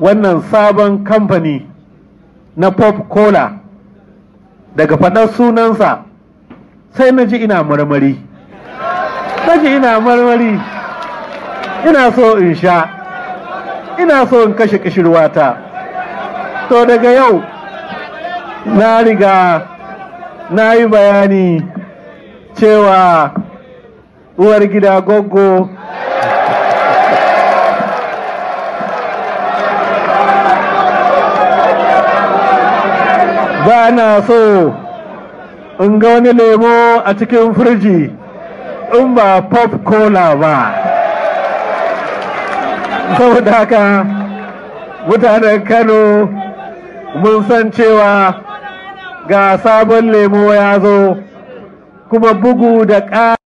wannan sabon kamfani na pop cola daga faɗar sunansa sai na ji ina marmari na ji ina marmari ina so in sha ina so in kashe kishirwata to daga yau na riga na yi bayani cewa uwar gida goggo ba na so in ga wani lemo a cikin firji in ba pop cola ba saboda haka mutanen kano mun san cewa ga sabon lemo ya zo kuma bugu da ƙa